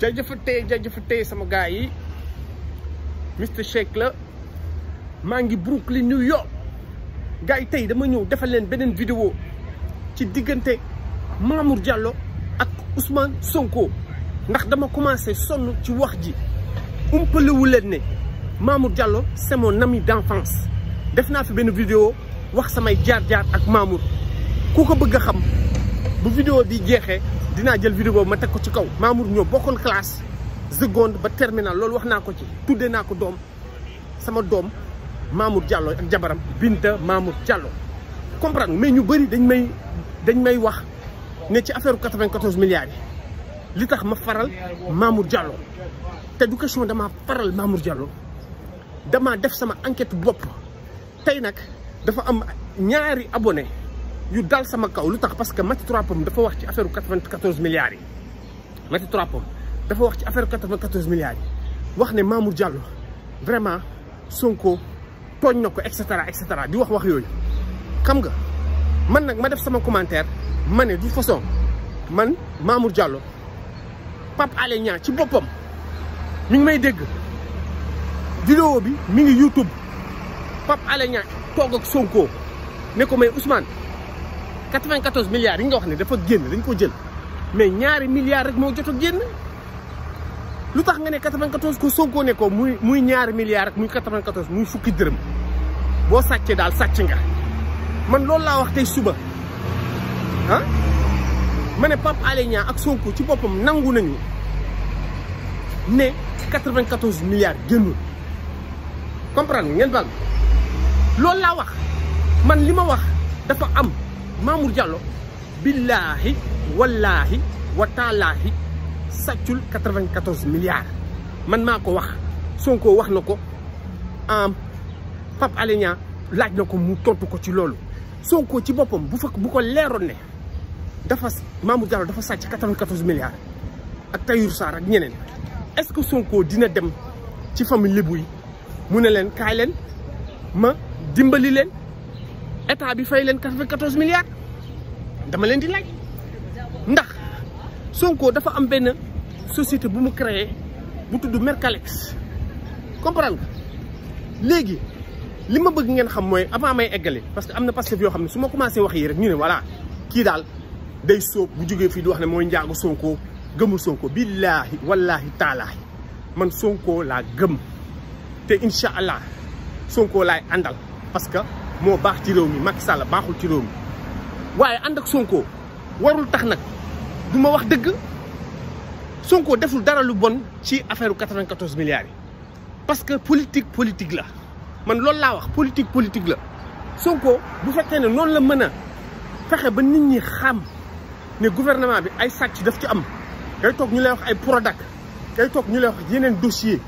jaajëfa tey jaajëfa tey sama gars yi Mister check la maa ngi Brooklyn New York gars yi tey dama ñëw defal leen beneen vidéo ci diggante Mamour Diallo ak Ousmane Sonko ndax dama commencé sonn ci wax ji umpalewu leen ne Mamour Diallo semo mon ami d'enfance def naa fi benn vidéo wax samay jaar-jaar ak Mamour ku ko bëgg a xam bu vidéo di jeexee dinaa jël vidéo boobu ma teg ko ci kaw Mamour ñoo bokkoon classe seconde ba terminal loolu wax naa ko ci tuddee naa ko doom sama doom Mamour jàlloo ak jabaram Binta Mamour Diallo comprendre mais ñu bëri dañ may dañ may wax ne ci affaire 94 milliards yi li tax ma faral Mamour Diallo te du question damaa faral Mamour Diallo damaa def sama enquête bopp tey nag dafa am ñaari abonné yu dal sama kaw lu parce que Maty trois pommes dafa wax ci affaire 94 milliards yi Maty trois dafa wax ci affaire 94 milliards yi wax ne Mamour Diallo vraiment Sonko togn nako et cetera et cetera di wax wax yoy xam nga man nak ma def sama commentaire mané du façon man Mamour Diallo pap Alé Niang ci bopam mi ngi may deg vidéo bi mi ngi YouTube Pap Alé Niang tok ak Sonko ne ko may Ousmane 94 milliards yi nga wax ni dafa génn dañ ko jël mais ñaari milliards rek moo jot a génn lu tax nga ne 94 ko Sonko ne ko muy muy ñaari milliards rek muy 94 muy fukki dërëm boo sàccee daal sàcc nga man loolu laa wax tey suba ah ma ne Pape Alé ak Sonko ci boppam nangu nañu ne 94 milliards génnul comprendre ngeen bal loolu laa wax man li ma wax dafa am Mamour Diallo billaahi wallaahi wa taalaahi sàccul 94 milliards man maa ko wax Sonko wax na ko am Pape Alé laaj na ko mu tontu ko ci loolu Sonko ci boppam bu fa bu ko leeroon ne dafa Mamour Diallo dafa sàcc 94 milliards ak Tayour Sarr ak ñeneen est-ce que sonkoo dina dem ci famille Lebu yi mu ne leen kaay leen ma dimbali leen. état bi fay leen quatre-vingt-quatorze milliards dama leen di laaj ndax Sonko dafa am benn société bu mu créé bu tudd Mercalex comprendre nga léegi li ma bëgg ngeen xam mooy avant may eggale parce que am na Pastef yoo xam ne su ma commencé wax yi rek ñu ne voilà kii daal day sóob bu jógee fii di wax ne mooy njaagu Sonko gëmul Sonko billaahi wallaahi taalaahi man Sonko laa gëm te incha allah Sonko laay àndal parce moo baax ci réew mi Macky Sall baaxul ci réew mi waaye ànd ak Sonko warul tax nag du ma wax dëgg Sonko deful dara lu bon ci affaire 94 milliards yi parce que politique politique la man loolu laa wax politique politique la Sonko bu fekkee ne noonu la mën a fexe ba nit ñi xam ne gouvernement bi ay sàcc daf ci am kay toog ñu lay wax ay Prodac kay toog ñu lay wax yeneen dossier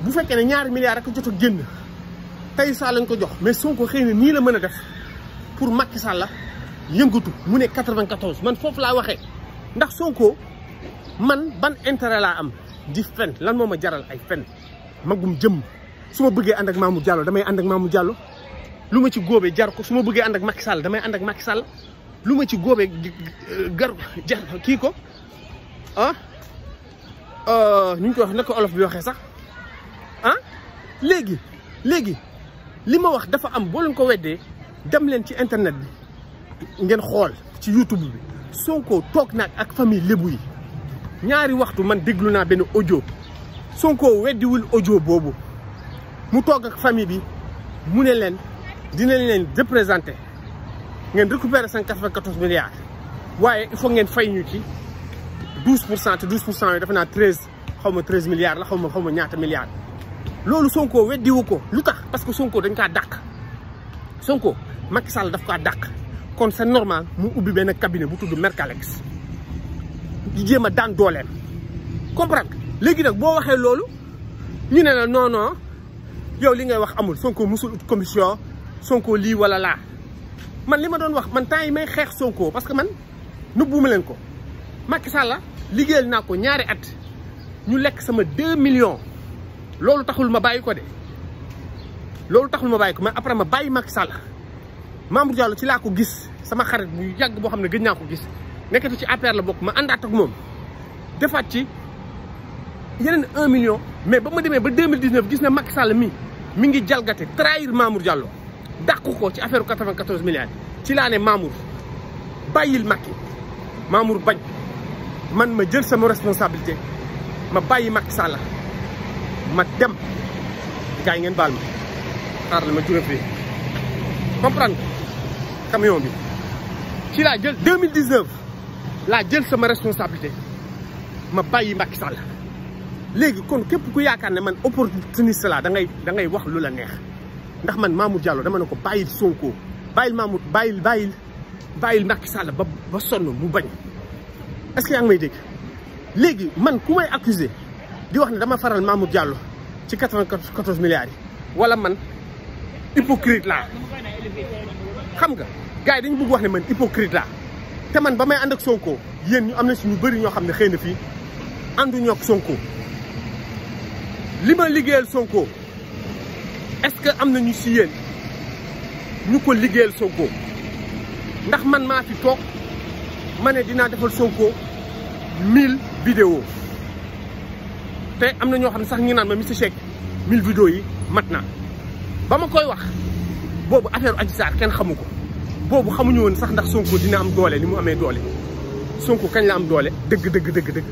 bu fekkee ne ñaari milliards rek jot a génn. tay sa lañ ko jox mais Sonko xëy ni la mëna a def pour Macky Sall yëngutu mu né 94 man fofu la waxé ndax Sonko man ban intérêt la am di fen lan moma jaral ay fen magum jëm suma bëggé and ak Mamour Diallo damay and ak Mamour Diallo lu ci gobé jar ko suma bëggé and ak Macky Sall damay and ak Macky Sall lu ci gobé euh, gar jar ki ko ah euh ñu ko wax naka olof bi waxé sax ah légui légui li ma wax dafa am bo leen ko wedde dem len ci internet bi ngeen xol ci youtube bi Sonko tok nak ak famille lébu yi ñaari waxtu man déglu na ben audio Sonko weddi wul audio bobu mu tok ak famille bi mu ne leen dinañ leen représenté ngeen récupérer cent milliards waye il faut ngeen fay ñu ci 12% 12% dafa na 13 xawma 13 milliards la xawma xawma ñaata milliards lolu Sonko que je parce que Sonko dañ ka dak Sonko Macky Sall daf un dak kon c'est normal mu ubbi le cabinet bu tuddu Mercalex di jéem dan comprendre légui nak tu waxé lolu ñu ne non non yow li ngay wax amul Sonko musul ut commission Sonko li wala la man li ma wax man tay may xex Sonko parce que man nëbbuma ko Macky Sall liggéeyal ñaari at ñu lekk sama 2 millions. loolu taxul ma bàyyi ko de loolu taxul ma bàyyi ko ma après ma bàyyi Macky Sall Mamour Diallo ci laa ko gis sama xarit bu yàgg boo xam ne gën naa ko gis nekkati ci APR la bokk ma àndaat ak moom defaat ci yeneen un million. mais ba ma demee ba 2019 gis ne Macky Sall mi mi ngi jalgate trahir Mamour Diallo dàqu ko ci affaire 94 milliards ci laa ne Mamour bàyyil Macky Mamour bañ man ma jël sama responsabilité ma bàyyi Macky Sall. ma dem ngeen baal ma xaaral ma jure fi comprendre camion bi ci la jël 2019 la jël sama responsabilité ma bayyi Macky Sall légui kon képp ku yaakaar man opportuniste la da ngay da ngay wax lula neex ndax man Mamour Diallo dama nako bayyi Sonko bayil Mamour bayil bayil bayil Macky Sall ba ba sonn mu bañ est-ce que yang may deg légui man kumay accuser di wax ne dama faral Mamour jàll ci 94 milliards yi wala man hypocrite laa xam nga gars dañu bugg wax ne man hypocrite laa te man ba may ànd ak Sonko yéen ñu am na si ñu bëri ñoo xam ne xëy na fii ànduñoo ak Sonko li ma liggéeyal Sonko est-ce que am na ñu si yéen ñu ko liggéeyal Sonko ndax man maa fi toog ma ne dinaa defal Sonko mille vidéos te am na ñoo xam ne sax ngi naan ma Mister Shake mil vidéo yi mat na ba ma koy wax boobu affaire Adji Sarr kenn xamu ko boobu xamuñu woon sax ndax Sonko dina am doole li mu amee doole Sonko kañ la am doole dëgg dëgg dëgg dëgg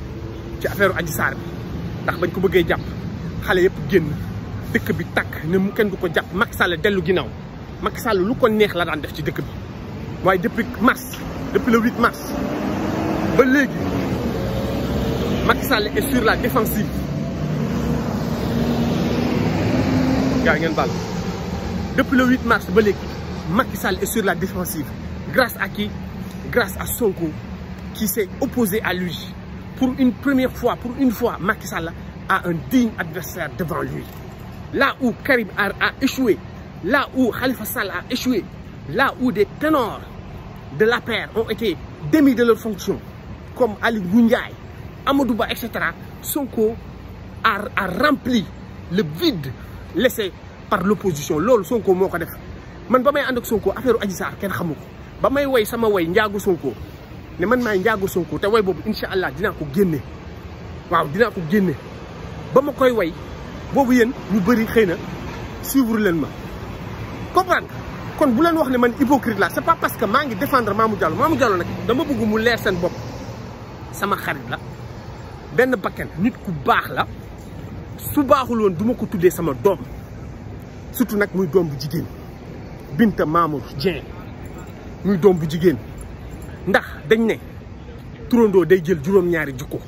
ci affaire Adji Sarr bi ndax bañ ko bëggee jàpp xale yëpp génn dëkk bi takk ne mu kenn du ko jàpp Macky Sall dellu ginnaaw Macky Sall lu ko neex la daan def ci dëkk bi waaye dëpp mars depuis le 8 mars ba léegi Macky Sall la défensive depuis le 8 mars Makissal est sur la défensive grâce à qui grâce à Sonko qui s'est opposé à lui pour une première fois pour une fois Macky a un digne adversaire devant lui là où Karim a échoué là où Khalifa Sal a échoué là où des ténors de la paire ont été démis de leur fonction comme Ali Gungay Amadou etc Sonko a rempli le vide laissé par l'opposition opposition Sonko moo ko def man bamay and ak Sonko affaire Adji Sarr kenn xamu ko sama way Sonko ne man may un Sonko te way bobu je dina ko guenné. waaw dina ko guenné. je koy ñu bari xeyna suivre len ma comprendre kon bu len wax ni man hypocrite la C'est pas parce que je défendre Diallo Mamou Diallo nak dama bëgg mu leer sen bop. sama xarit la benn nit ku la su baaxul woon ko tuddee sama doom surtout nag muy doom bu jigéen Binta Mamour Dieng muy doom bu jigéen ndax dañ ne turandoo day jël juróom-ñaari jikko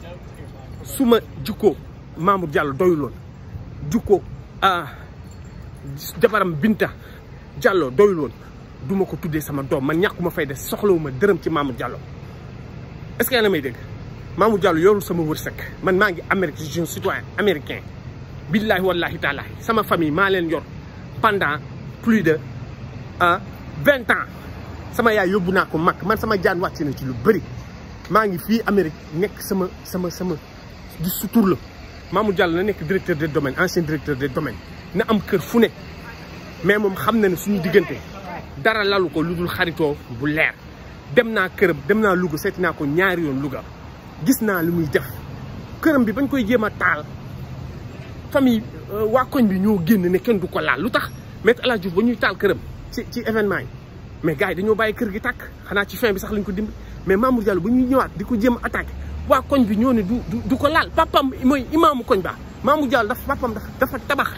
su ma jikko Mamour Diallo doyuloon jikko ah jabaram Binta jàlloo doyuloon du ma ko tuddee sama doom man ñàkkuma fay des soxlawuma dërëm ci Mamour Diallo est-ce que yéen a may dégg. Mamour jàll yorul sama wërsëg man maa ngi Amérique je suis un citoyen américain billahi wallahi taalahi sama famille maa leen yor pendant plus de ah vingt ans sama yaay yóbbu naa ko mag man sama jaan wàcc na ci lu bëri maa ngi fii Amérique nekk sama sama sama di sutur la mu Diallo na nekk directeur de domaines ancien directeur des domaines na am kër fu ne mais moom xam na ne suñu diggante dara lalu ko lu dul xaritoo bu leer dem naa kër dem naa Louga seet naa ko ñaari yoon Louga. gis naa li muy def këram bi bañ koy jéem a taal famille euh, waa koñ bi ñoo génn ne kenn du ko laal lu tax Maître El Hadj Diouf ba ñuy taal këram ci ci événement yi mais gars yi dañoo bàyyi kër gi tàkk xanaa ci fin bi sax lañ ko dimb mais Mamour Diallo ba ñuy ñëwaat di ko jéem a waa koñ bi ñoo ne du du ko laal papam mooy imaamu koñ ba Mamour Diallo dafa papam dafa dafa tabax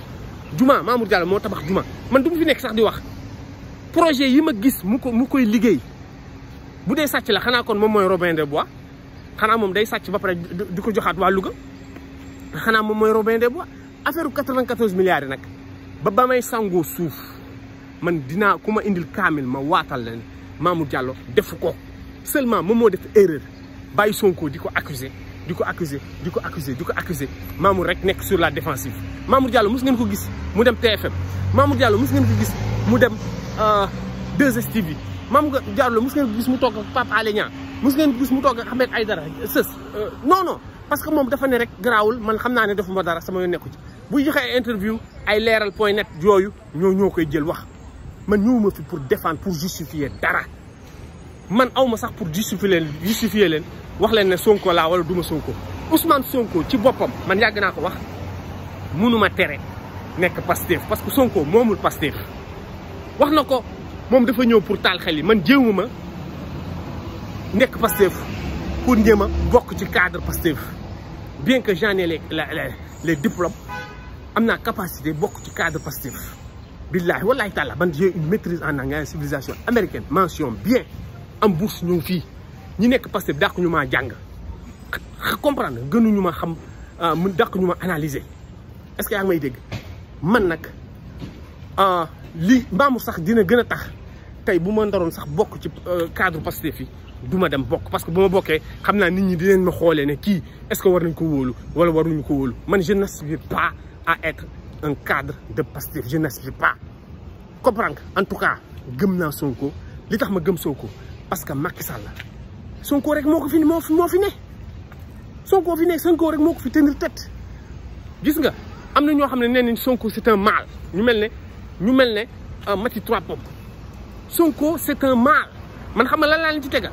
juma Mamour Diallo moo tabax juma man du mu fi nekk sax di wax projet yi ma gis mu ko mu koy liggéey bu dee sàcc la xanaa kon moom mooy Robin des Bois xanaa moom day sàcc ba pare di ko joxaat waa Louga xanaa moom mooy Robin des Bois affaire 94 milliards yi nag ba ba may sangoo suuf man dinaa ku ma indil kaamil ma waatal leen Mamour Diallo defu ko seulement moom moo def erreur bàyyi Sonko di ko accuser di ko accuser di ko accuser di ko accuser Mamour rek nekk sur la défensive Mamour Diallo mos ngeen ko gis mu dem TFM Mamour Diallo mos ngeen ko gis mu dem 2STV euh, Mamour Diallo mos ngeen ko gis mu toog ak Pape mus ngeen gis mu toog ak ay dara sës euh, non parce que moom dafa ne rek garaawul man xam naa ne defuma dara sama nekku ci buy joxe ay interview ay leeral point net jooyu ñoo ñoo koy jël wax man ñëwuma fi pour défendre pour justifier dara man awma sax pour justifier leen justifier leen wax leen ne Sonko laa wala duma Sonko Ousmane Sonko ci boppam man yàgg naa ko wax munuma tere nekk Pastef parce que Sonko moomul Pastef wax na ko moom dafa ñëw pour taal xel yi man jéewuma nek Pastef pour njëem bok ci cadre Pastef bien que j'en ai les les diplômes amna capacité bok ci cadre Pastef billahi wallahi taala man j'ai une maîtrise en anglais civilisation américaine mention bien am bourse ñu fi ñi nek Pastef dàq ñuma jang comprendre gënuñu ma xam ah, mu dàq ñuma ma analyser est-ce que yaa may dégg man ah, li mbaamu sax dina gëna tax tay bu ma ndaroon sax bok ci euh, cadre Pastef fi duma dem bokk parce que buma ma xamna nit ñi leen ma xolé né ki est-ce que war nañ ko wolu wala waruñu ko wolu man je n'aspire pas à être un cadre de pasteur je n'aspire pas comprendre en tout cas gëm na Sonko li tax ma gëm Sonko parce que Macky Sall Sonko rek moo ko fi moo moo fi ne Sonko fi ne Sonko rek moko fi tenir tête gis nga amna ño xamné né Sonko c'est un mal ñu melné ñu melné un euh, match trois Pommes Sonko c'est un mal man xam nga lan laa leen ci tegal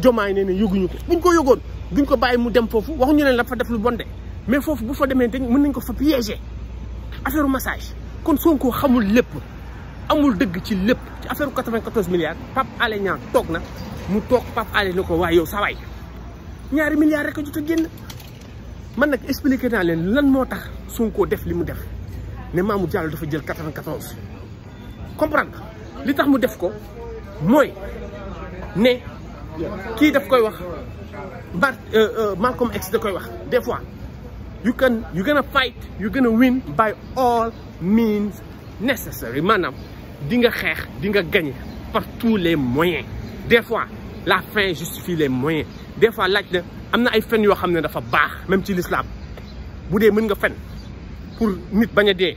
jomaay nee na yëguñu ko buñ ko yëgoon duñ ko bàyyi mu dem foofu wax ñu leen la fa def lu bonde mais foofu bu fa demee dañ mën nañ ko fa piéger affaire massage kon Sonko xamul lépp amul dëgg ci lépp ci affaire 94 milliards Pape Alé Niang toog na mu toog Pape Alé ne ko waaye yow sa waay ñaari milliards rek a jot man nag expliqué naa leen lan moo tax Sonko def li mu def ne Mamour jàll dafa jël 94 comprendre li tax mu def ko mooy ne. Qui daf koy wax Bart euh, euh, Malcolm X da koy wax des fois you can you're gonna fight you're gonna win by all means necessary manam di nga xex di nga gagner par tous les moyens des fois la fin justifie les moyens des fois laaj na am ay fen yo xamne dafa bax même ci l'islam boudé meun nga fen pour nit baña dé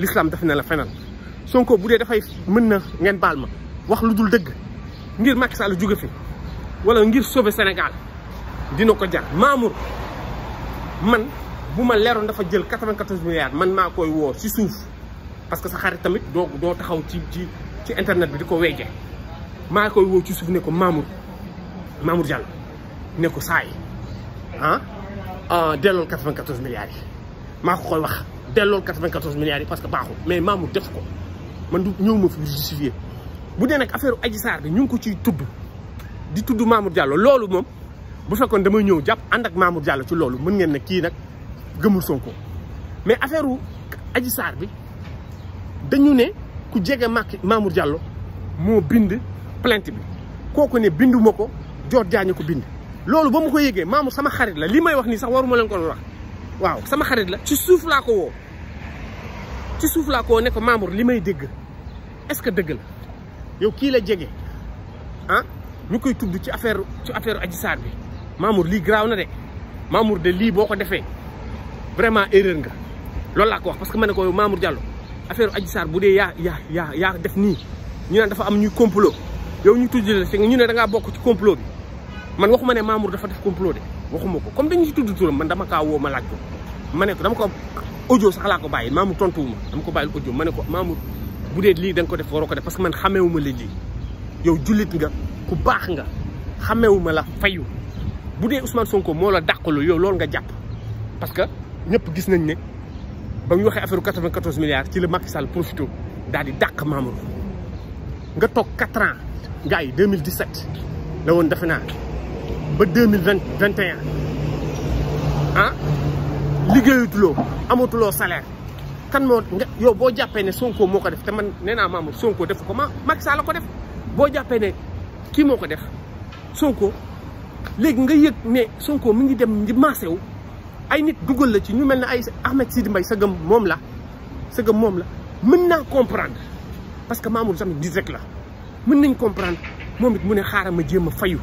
l'islam daf na la fenal Sonko boudé da fay meun na ngeen balma wax ludul deug ngir Macky Sall djougué fi wala ngir sobe Sénégal dina ko jar Mamour man bu ma leeroon dafa jël 94 milliards man maa koy woo ci suuf parce que sa xarit tamit doo doo taxaw ci ci ci internet bi di ko weeje maa koy woo ci suuf ne ko Mamour Mamour Diallo ne ko saay ah, ah dellool 94 milliards yi maa ko koy wax dellool 94 milliards yi parce que baaxul mais Mamour def ko man du ñëw ma fi bu dee nag affaire Adji bi ñu ko ci tudd di tudd Mamour Diallo loolu moom bu fekkoon dama ñëw jàpp ànd ak Mamour Diallo ci loolu mën ngeen ne kii nag gëmul Sonko mais affaire u Adji Sarr bi dañu ne ku jege Macky Mamour Diallo moo bind plainte bi kooku ne binduma ma ko joor jaañu ko bind loolu ba mu ko yëgee Mamour sama xarit la li may wax nii sax waruma leen ko wax waaw sama xarit la ci suuf laa ko woo ci suuf laa ko woo ne ko Mamour li may dégg est-ce que dëgg la yow kii la jege ah? ñu koy tudd ci affaire ci affaire Adji Sarr bi Mamour lii graaw na de Mamour de lii boo ko defee vraiment erreur nga loolu laa ko wax parce que ma ne ko Mamour Diallo affaire Adji bu dee yaa yaa yaa yaa def nii ñu naan dafa am ñuy complot yow ñu tudd la si ñu ne da ngaa bokk ci complot bi man waxuma ne Mamour dafa def complot de waxuma ko comme dañu ci tudd turam man dama kaa woo ma laaj ko ne ko dama ko audio sax laa ko bàyyi Mamour tontuwuma dama ko bàyyil audio ma ne ko Mamour bu dee lii da nga ko def waroo ko def parce que man xamewuma la lii yow jullit nga ku baax nga xamewuma la fayu bu dee Ousmane Sonko moo la dàqalu yow loolu nga jàpp parce que ñëpp gis nañ ne ba ñu waxee affaire 94 milliards ci la Macky Sall profito daal di dàq Mamour nga toog 4 ans gars yi 2017 la woon defe naa ba 2021 ah liggéeyutuloo amatuloo salaire kan moo nga yow boo jàppee ne Sonko moo ko def te man nee naa Mamour Sonko def ko ma Macky Sall la ko def boo jàppee ne kii moo ko def Sonko léegi nga yëg ne Sonko mi ngi dem di maase wu ay nit dugal la ci ñu mel ne ay Ahmed Sidi mbay sa moom la sa gëm moom la mën naa comprendre parce que Mamour tamit nit rek la mën nañ comprendre moom it mu ne xaaral ma jéem a fayu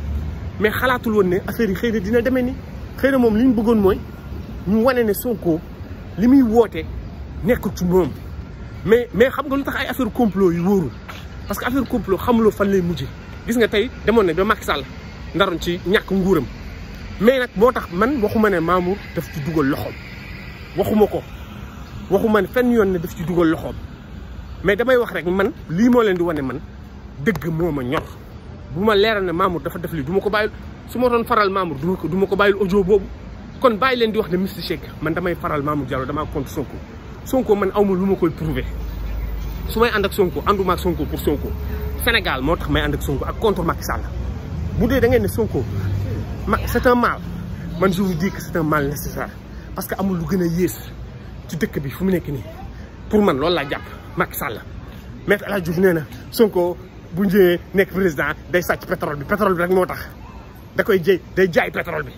mais xalaatul woon ne affaire yi xëy na dina demee ni xëy moom li ñu bëggoon mooy ñu wane ne Sonko li muy woote nekkul ci moom mais mais xam nga lu tax ay affaire complot yu wóorul. parce que affaire complot xamuloo fan lay mujje gis nga tey demoon nañ ba Macky Sall ndaroon ci ñàkk nguuram mais nag boo tax man waxuma ne Mamour def ci dugal loxoom waxuma ko waxuma ne fenn yoon ne def ci dugal loxoom mais damay wax rek man lii moo leen di wane man dëgg moo ma ñor bu ma leeral ne Mamour dafa def lii du ma ko bàyyil su ma doon faral Mamour du ma ko du ma ko boobu kon bàyyi leen di wax ne Mister Shake man damay faral Mamour Diallo damaa contre Sonko Sonko man awma lu ma koy prouver su may ànd ak Sonko ànduma ak Sonko pour Sonko Sénégal moo tax may ànd ak Sonko ak contre Macky Sall bu dee da ne Sonko ma c'est mal man je vous dis mal nécessaire parce que amul lu gën a yées ci dëkk bi fu mu nekk nii pour man loolu laa jàpp Macky Sall maître El Hadj Diouf nee na Sonko bu njëyee nekk président day sàcc pétrole bi pétrole bi rek moo tax da koy jëy day jaay pétrole bi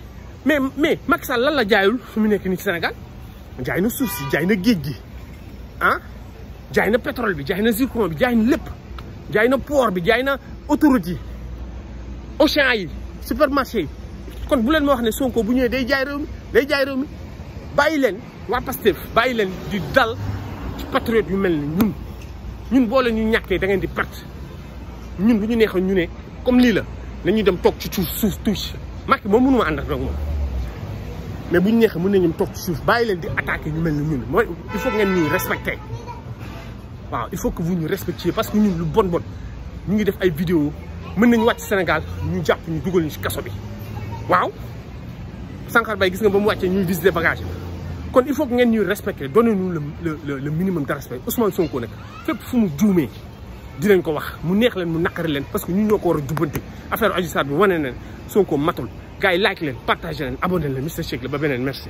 mais mais Macky Sall lan la jaayul fu mu nekk nii senegal Sénégal jaay na suuf si jaay na géej gi ah? a pétrole bi zircon bi port bi autorité yi supermarché yi kon bu len mo wax Sonko bu day jaay réew day jaay réew mi dal ci patriote yu melni ñun ñun bo ñu da ngeen di comme lila, la nañu dem tok ci tout tous. mo mënu ma ak mais bu ñu mën nañu tok ci suuf bayi len di attaquer. ñu melni ñun il faut ngeen ñi il faut que vous nous respectiez parce que nous, le bon bon nous avons fait ay vidéo nous sommes au Sénégal nous avons ñu Google, ñu ci sans bi waaw Bay gis nga il faut que nous nous donnez-nous le minimum de respect Ousmane Sonko nag fépp fu mu nous ko wax mu neex sommes parce que nous ñoo ko war affaire Adji nous sommes Sonko like leen partager leen le merci.